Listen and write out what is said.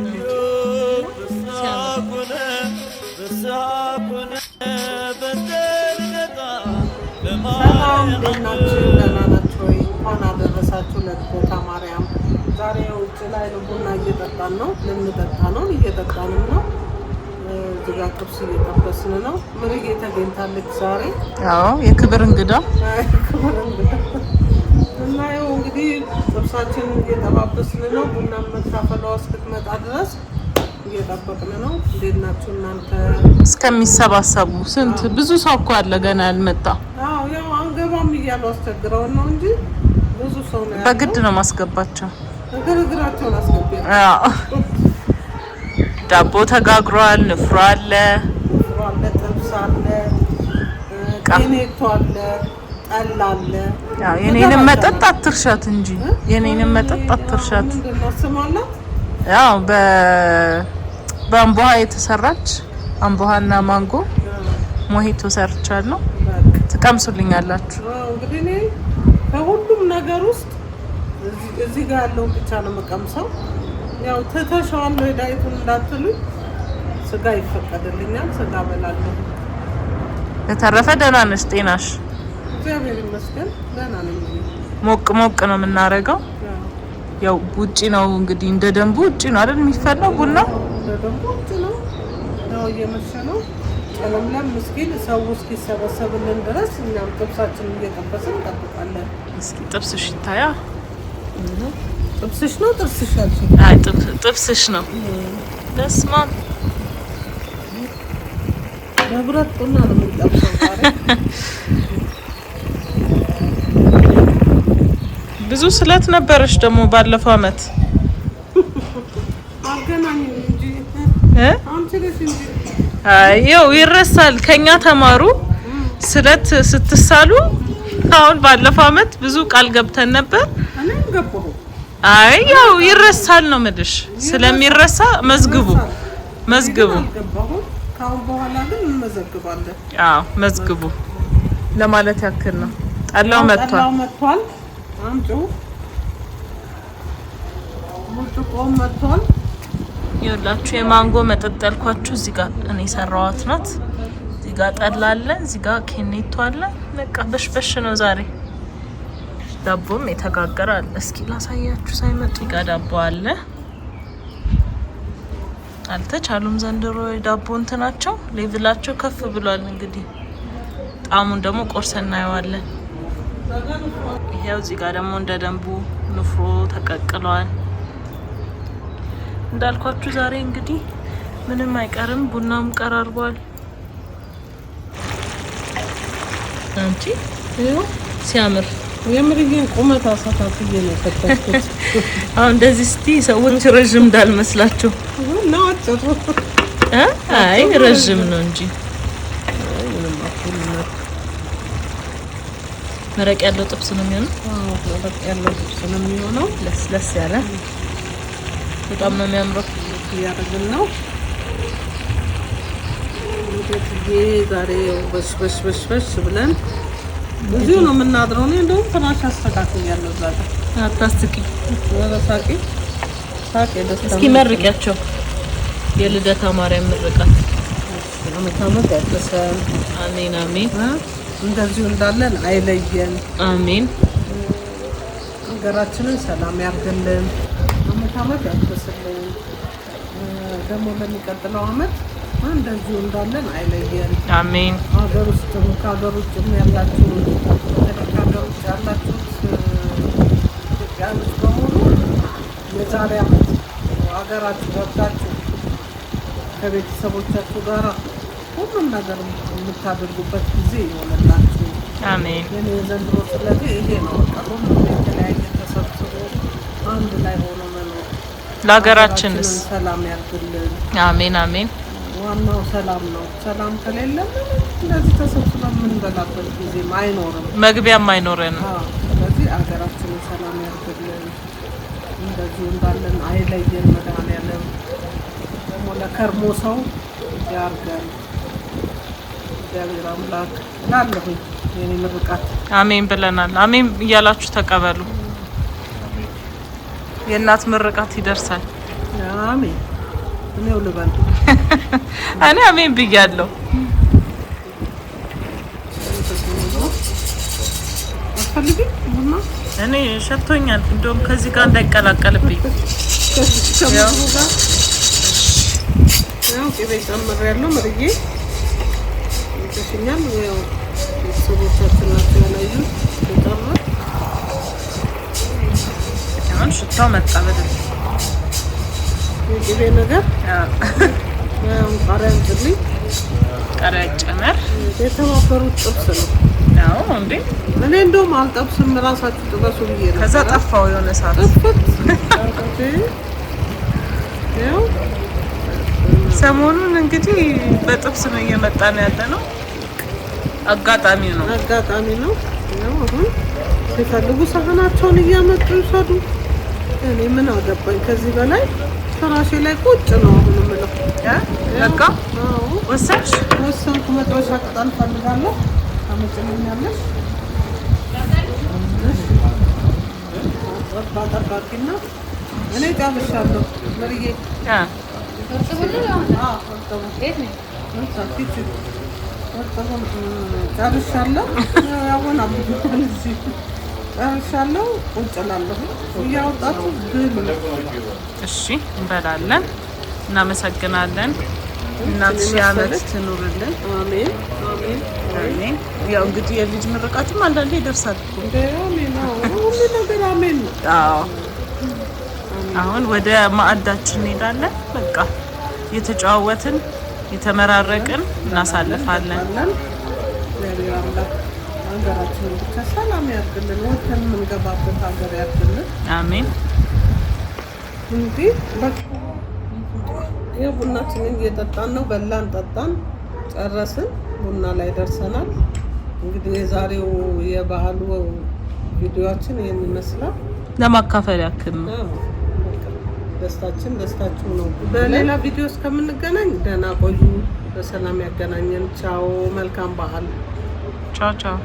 ሰላም እንዴት ናችሁ? እንኳን አደረሳችሁ ለልደታ ማርያም። ዛሬ ውጭ ላይ ነው፣ ቡና እየጠጣን ነው፣ ልንጠጣ ነው፣ እየጠጣንም ነው። እዚህ ጥብስ እየጠበስን ነው። ምርዬ ተገኝታለች ዛሬ። አዎ የክብር እንግዳ ክብር እንግዳ ስናየው እንግዲህ ጥብሳችንን እየጠባበስን ነው። ቡና መታፈላዋ እስክትመጣ ድረስ እየጠበቅን ነው። እንዴት ናችሁ እናንተ? እስከሚሰባሰቡ ስንት ብዙ ሰው እኮ አለ ገና ያልመጣ። ያው አንገባም እያሉ አስቸግረው ነው እንጂ ብዙ ሰው ነው። በግድ ነው ማስገባቸው። ግርግራቸውን አስገቢ። ዳቦ ተጋግሯል። ንፍሮ አለ፣ ጥብስ አለ፣ ኔቶ አለ ጠላለ የኔንም መጠጥ አትርሻት እንጂ የኔንም መጠጥ አትርሻት። ያው በአምቦሃ የተሰራች አምቦሃና ማንጎ ሞሂቶ ሰርቻለሁ። ትቀምሱልኛላችሁ። እንግዲህ እኔ ከሁሉም ነገር ውስጥ እዚህ ጋር ያለውን ብቻ ነው መቀምሰው። ያው ትተሻዋል ወይ እንዳትሉኝ፣ ስጋ ይፈቀድልኛል፣ ስጋ በላለሁ። በተረፈ ደህና ነሽ ጤናሽ እግዚአብሔር ይመስገን ደህና ነኝ። ሞቅ ሞቅ ነው የምናደርገው። ያው ውጪ ነው እንግዲህ እንደ ደንቡ ውጪ ነው አይደል የሚፈላው ቡና እንደ ደንቡ ነው። ያው እየመሸ ነው። ጨለምለም ምስኪን ሰው እስኪሰበሰብልን ድረስ እኛም ጥብሳችን እየጠበስን እንጠብቃለን። እስኪ ጥብስሽ ይታያ። ጥብስሽ ነው ጥብስሽ ጥብስሽ ነው። በስመ በብረት ቁና ነው የምንጠብሰው ብዙ ስለት ነበረች ደግሞ ባለፈው አመት ይው ይረሳል። ከኛ ተማሩ ስለት ስትሳሉ። አሁን ባለፈው አመት ብዙ ቃል ገብተን ነበር። አይ ያው ይረሳል ነው ምልሽ። ስለሚረሳ መዝግቡ መዝግቡ። ከአሁን በኋላ ግን እንመዘግባለን። አዎ መዝግቡ ለማለት ያክል ነው። ጠላው መጥቷል። በጣም ጥሩ ብርጭቆም መጥቷል። ይኸውላችሁ የማንጎ መጠጥ ያልኳችሁ እዚህ ጋር እኔ የሰራኋት ናት። እዚህ ጋር ጠላ አለ፣ እዚህ ጋር ኬኔቶ አለ። በቃ በሽበሽ ነው ዛሬ። ዳቦም የተጋገረ አለ። እስኪ ላሳያችሁ ሳይመጡ ጋ ዳቦ አለ። አልተቻሉም ዘንድሮ የዳቦ እንትናቸው ሌቭላቸው ከፍ ብሏል። እንግዲህ ጣዕሙን ደግሞ ቆርሰ እናየዋለን። ይሄው እዚህ ጋር ደግሞ እንደ ደንቡ ንፍሮ ተቀቅሏል። እንዳልኳችሁ ዛሬ እንግዲህ ምንም አይቀርም። ቡናም ቀራርቧል። አንቺ ሲያምር የምር ግን ቁመት አሳታፍዬ ነው የፈታችሁት። አሁን እንደዚህ እስቲ ሰዎች ረዥም እንዳልመስላቸው ነው። አይ ረዥም ነው እንጂ መረቅ ያለው ጥብስ ነው የሚሆነው። መረቅ ያለው ጥብስ ነው የሚሆነው። ለስለስ ያለ በጣም ነው የሚያምረው። እያደረግን ነው ዛሬ በሽበሽ በሽበሽ ብለን ብዙ ነው የምናድረው። እኔ እንደውም ትናንሽ አስተካክል ያለው እዛ ጋር አታስቂ ሳቂ ሳቂ። እስኪ መርቂያቸው የልደታ ማርያም ምርቃት አመት አመት ያድርሰን። አሜን አሜን። እንደዚሁ እንዳለን አይለየን። አሜን። ሀገራችንን ሰላም ያርግልን። አመት አመት ያድርስልን። ደግሞ ለሚቀጥለው አመት እንደዚሁ እንዳለን አይለየን። አሜን። ሀገር ውስጥም ከሀገር ውጭ ያላችሁ ከሀገር ውጭ ያላችሁት ኢትዮጵያኖች በሙሉ የዛሬ አመት ሀገራችሁ ገብታችሁ ከቤተሰቦቻችሁ ጋራ ሁሉም ነገር የምታደርጉበት ጊዜ የሆነላችሁ። አሜን። የኔ የዘንድሮ ስለቴ ይሄ ነው። ሁሉም የተለያየ ተሰብስቦ አንድ ላይ ሆኖ መኖር። ለሀገራችንስ ሰላም ያድርግልን። አሜን አሜን። ዋናው ሰላም ነው። ሰላም ከሌለ እንደዚህ ተሰብስበ የምንበላበት ጊዜም አይኖርም፣ መግቢያም አይኖረንም። ስለዚህ ሀገራችን ሰላም ያድርግልን። እንደዚሁ እንዳለን አይለየን። መድኃኔዓለም ደግሞ ለከርሞ ሰው ያርገን። እግዚአብሔር አምላክ የኔ ምርቃት አሜን ብለናል። አሜን እያላችሁ ተቀበሉ። የእናት ምርቃት ይደርሳል። አሜን። እኔው ልበል እኔ አሜን ብያለሁ። እኔ ሸቶኛል። እንደውም ከዚህ ጋር እንዳይቀላቀልብኝ ያው ቅቤ ጨምሬያለሁ ምርዬ ደርሶኛል። ያው ቤተሰቦቻችን ናቸው ያላዩ የጠራ አሁን ሽታው መጣ። በደንብ የቅቤ ነገር ቃሪያ ጭልኝ ቃሪያ ጨመር። የተባበሩት ጥብስ ነው ያው እንዴ እኔ እንደውም አልጠብስም ራሳችሁ ጥበሱ ብዬ ነው። ከዛ ጠፋው የሆነ ሰዓት ጥፍት ሰሞኑን እንግዲህ በጥብስ ነው እየመጣ ነው ያለ ነው። አጋጣሚ ነው አጋጣሚ ነው። አሁን ሲፈልጉ ሳህናቸውን እያመጡ ይሰዱ እኔ ምን አገባኝ ከዚህ በላይ ከራሴ ላይ ቁጭ ነው አሁን የምለው። በቃ ወሰንሽ? ወሰንኩ። መጥበሻ ቅጠል ፈልጋለሁ አመጭልኛለሽ። ጠባ ጠባቂና እኔ ጫብሻለሁ ምርዬ ጨርሻለሁ። ያወናሉ እዚህ ጨርሻለሁ። ቁጭ እላለሁ እያወጣችሁ ብሉ። እሺ እንበላለን። እናመሰግናለን። እናት ሺህ ዓመት ትኑርልን። አሜን ያው እንግዲህ የልጅ ምርቃትም አንዳንዴ ይደርሳል። ሁሉ ነገር አሜን አሁን ወደ ማዕዳችን እንሄዳለን። በቃ የተመራረቅን እናሳልፋለን። እግዚአብሔር ብቻ ሰላም ያርግልን ወተን የምንገባበት ሀገር ያድርግልን። አሜን። እንዲህ ቡናችንን እየጠጣን ነው። በላን፣ ጠጣን፣ ጨረስን። ቡና ላይ ደርሰናል። እንግዲህ የዛሬው የባህሉ ቪዲዮችን ይህን ይመስላል። ለማካፈል ያክል ነው። ደስታችን ደስታችሁ ነው። በሌላ ቪዲዮ እስከምንገናኝ ደህና ቆዩ። በሰላም ያገናኘን። ቻው። መልካም በዓል። ቻው ቻው።